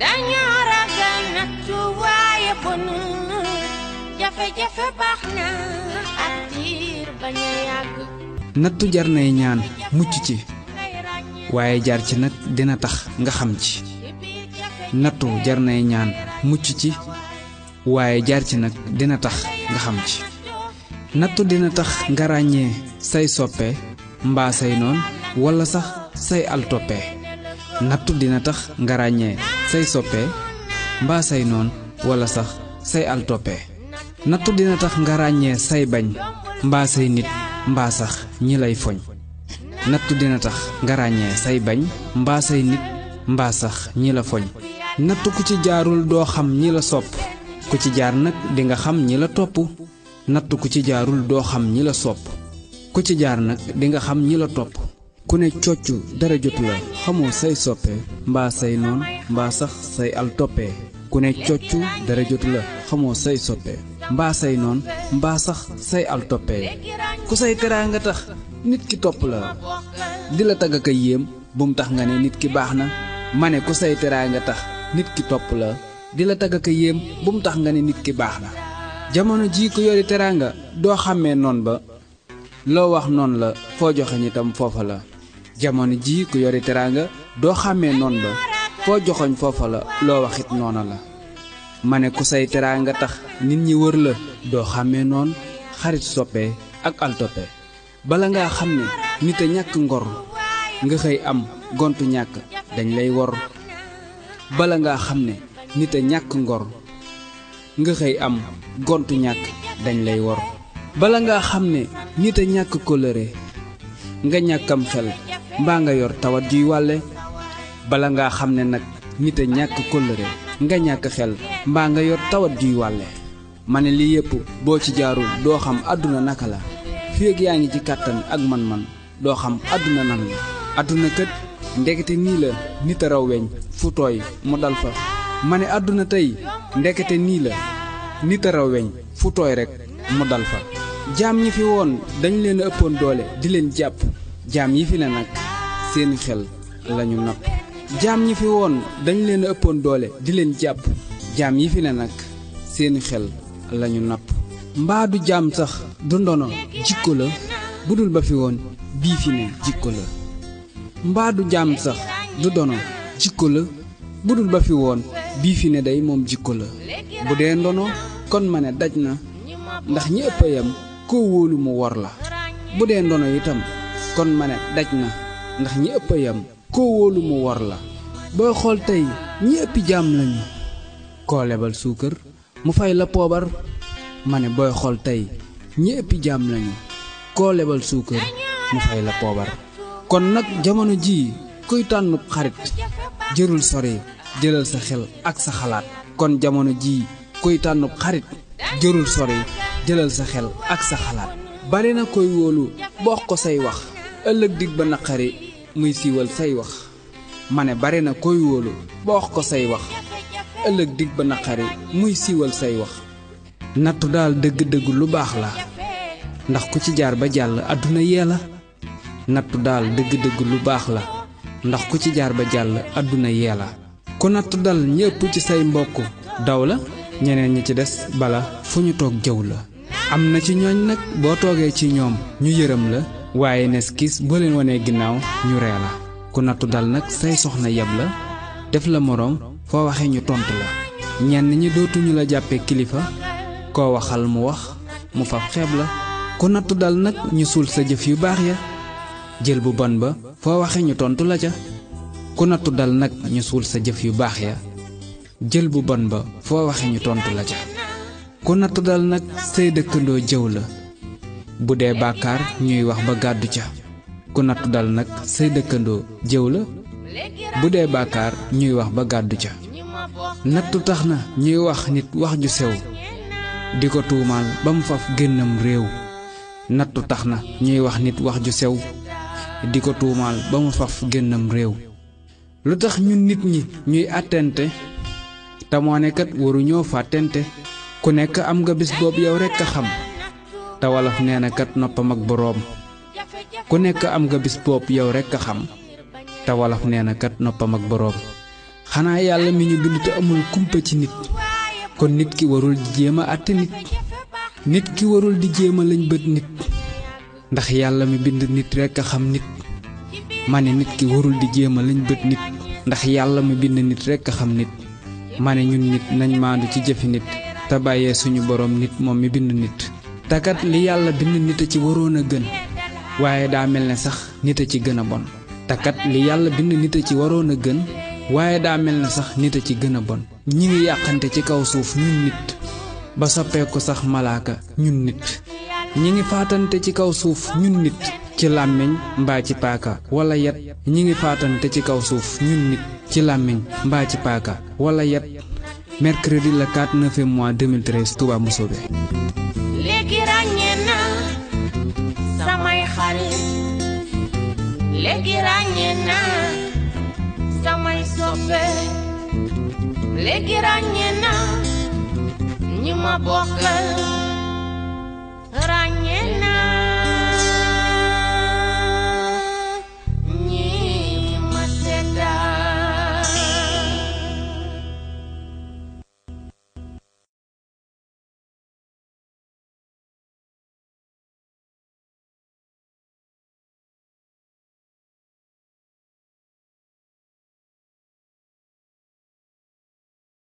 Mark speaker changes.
Speaker 1: dañoo nattu jar nay ñaan mucc ci waaye jar ci nag dina tax nga xam ci nattu jar nay ñaan mucc ci waaye jar ci nag dina tax nga xam ci nattu dina tax nga ràññee say soppe mbaa say noon walla sax say altoppe nattu dina tax nga ràññee say soppe mbaa say noon walla sax say altoppe nattu dina tax nga ràññee say bañ mbaa say nit mbaa sax ñi lay foñ natt dina tax nga ràññee say bañ mbaa say nit mbaa sax ñi la foñ natt ku ci jaarul doo xam ñi la sopp ku ci jaar nag dinga xam ñi la topp natt ku ci jaarul doo xam ñi la sopp ku ci jaar nag di nga xam ñi la topp ku ne cocc dara jot la xamoo say soppe mbaa say noon mbaa sax say al toppe ku ne cocc dara jot la xamoo say soppe mbaa say noon mbaa sax say al toppee ku say nga tax nit ki topp la di la tagg ka yéem bum tax nga ne nit ki baax na ma ne ku say nga tax nit ki topp la di la tagg ka yéem bum tax nga ne nit ki baax na jamono jii ku yori teraanga doo xàmmee noon ba loo wax noonu la foo joxe itam foofa la jamono ji ku yori teraanga doo xàmmee noon la foo joxoñ foofa la loo wax it noona la ma ne ku say teraanga tax nit ñi wër la doo xàmmee noon xarit soppe ak altoppe bala ngaa xam ne nit a ñàkk ngor nga xëy am gontu ñàkk dañ lay wor bala ngaa xam ne nit a ñàkk ngor nga xëy am gontu ñàkk dañ lay wor bala ngaa xam ne nit ñàkk kóllëre nga ñàkkam xel mbaa nga yor tawat juy wàlle bala ngaa xam ne nag nit ñàkk kóllëre nga ñàkk xel mbaa nga yor tawat juy wàlle ma ne lii yépp boo ci jaarul doo xam àdduna naka la féeg yaa ngi ci kàttan ak man-man doo xam àdduna nan la àdduna kët ndekete nii la nit a raw weñ fu tooy mu dal fa ma ne àdduna tey ndekete nii la nit a raw weñ fu tooy rekk mu dal fa jaam ñi fi woon dañ leen ëppoon doole di leen jàpp jaam yi fi ne nag seeni xel lañu napp jaam ñi fi woon dañ leen ëppoon doole di leen jàpp jaam yi fi ne nag seeni xel lañu napp mbaa du jaam sax du ndono jikko la bu dul ba fi woon bii fi ne jikko la mbaa du jaam sax du dono jikko la bu dul ba fi woon bii fi ne day moom jikko la bu dee ndono kon ma ne daj na ndax ñi ëpp a yem koo wóolu mu wor la bu dee ndono itam kon ma ne daj na ndax ñi ëpp a yem koo wóolu mu wor la booy xool tey ñi ëppi jaam lañu koo lebal suukar mu fay la poobar ma ne booy xool tey ñi ëppi jaam lebal suukar mu la poobar kon nag jamono ji kuy tànnub xarit jërul sori jëlal sa xel ak sa xalaat kon jamono ji kuy tànnub xarit jërul sori jëlal sa xel ak sa xalaat bari na koy wóolu boox ko say wax ëllëg dig ba naqari muy siiwal say wax ma ne bari na koy wóolu ko say wax ëllëg dig muy siiwal say wax nattu daal dëgg-dëgg lu baax la ndax ku ci jaar ba jàll àdduna yee la nattu daal dëgg-dëgg lu baax la ndax ku ci jaar ba jàll àdduna yee la ku nattu dal ñépp ci say mbokk daw la ñeneen ñi ci des bala fu ñu toog jëw la am na ci ñooñ nag boo toogee ci ñoom ñu yërëm la waaye neskis kiis leen wanee ginnaaw ñu ree la ku nattu dal nag say soxna yeb la def la moroom foo waxee ñu tontu la ñenn ñi dootuñu la jàppe kilifa koo waxal mu wax mu fab xeeb la ku nattu dal nag ñu suul sa jëf yu baax ya jël bu bon ba foo waxee ñu tontu la ca ku nattu dal nag ñu suul sa jëf yu baax ya jël bu bon ba foo waxee ñu tontu la ca ku nattu dal nag say dëkkandoo jëw la bu dee bàkkaar ñuy wax ba gàddu ca ku nattu dal nag say dëkkandoo jëw la bu dee bàkkaar ñuy wax ba gàddu ca nattu tax na ñuy wax nit wax ju sew di ko tuumaal ba mu faf génnam réew nattu tax na ñuy wax nit wax ju sew di ko tuumaal ba mu faf génnam réew lu tax ñun nit ñi ñuy àttente te moo ne fàttente ku nekk am nga bis boobu yow rekk a xam te wolof nee na kat noppam ak boroom ku nekk am nga bis yow rekk a xam nee na kat noppam ak boroom xanaa yàlla mi ñu bind te amul kumpa ci nit kon nit ki warul di jéem a àtte nit nit ki warul di jéem a lañ bët nit ndax yàlla mi bind nit rekk a xam nit ma ne nit ki warul di jéem a lañ bët nit ndax yàlla mi bind nit rekk a xam nit ma ne ñun nit nañ maandu ci jëfi nit te bàyyee suñu borom nit moom mi bind nit takat li yàlla bind nit a ci waroon a gën waaye daa mel ne sax nit a ci gën a bon takkat li yàlla bind nit a ci waroon a gën waaye daa mel ne sax nit a ci gën a bon ñi ngi yàqante ci kaw suuf ñun nit ba soppeeku sax malaaka ñun nit ñi ngi faatante ci kaw suuf ñun nit ci làmmiñ mbaa ci paaka wala yat ñi ngi faatante ci kaw suuf ñun nit ci làmmiñ mbaa ci paaka wala yet mercredi le 4 9 mois 2013 Touba Mboussobé. léegi ràññee naa samay xarit léegi ràññee naa samay soppe léegi ràññee naa ñi ma bokkal.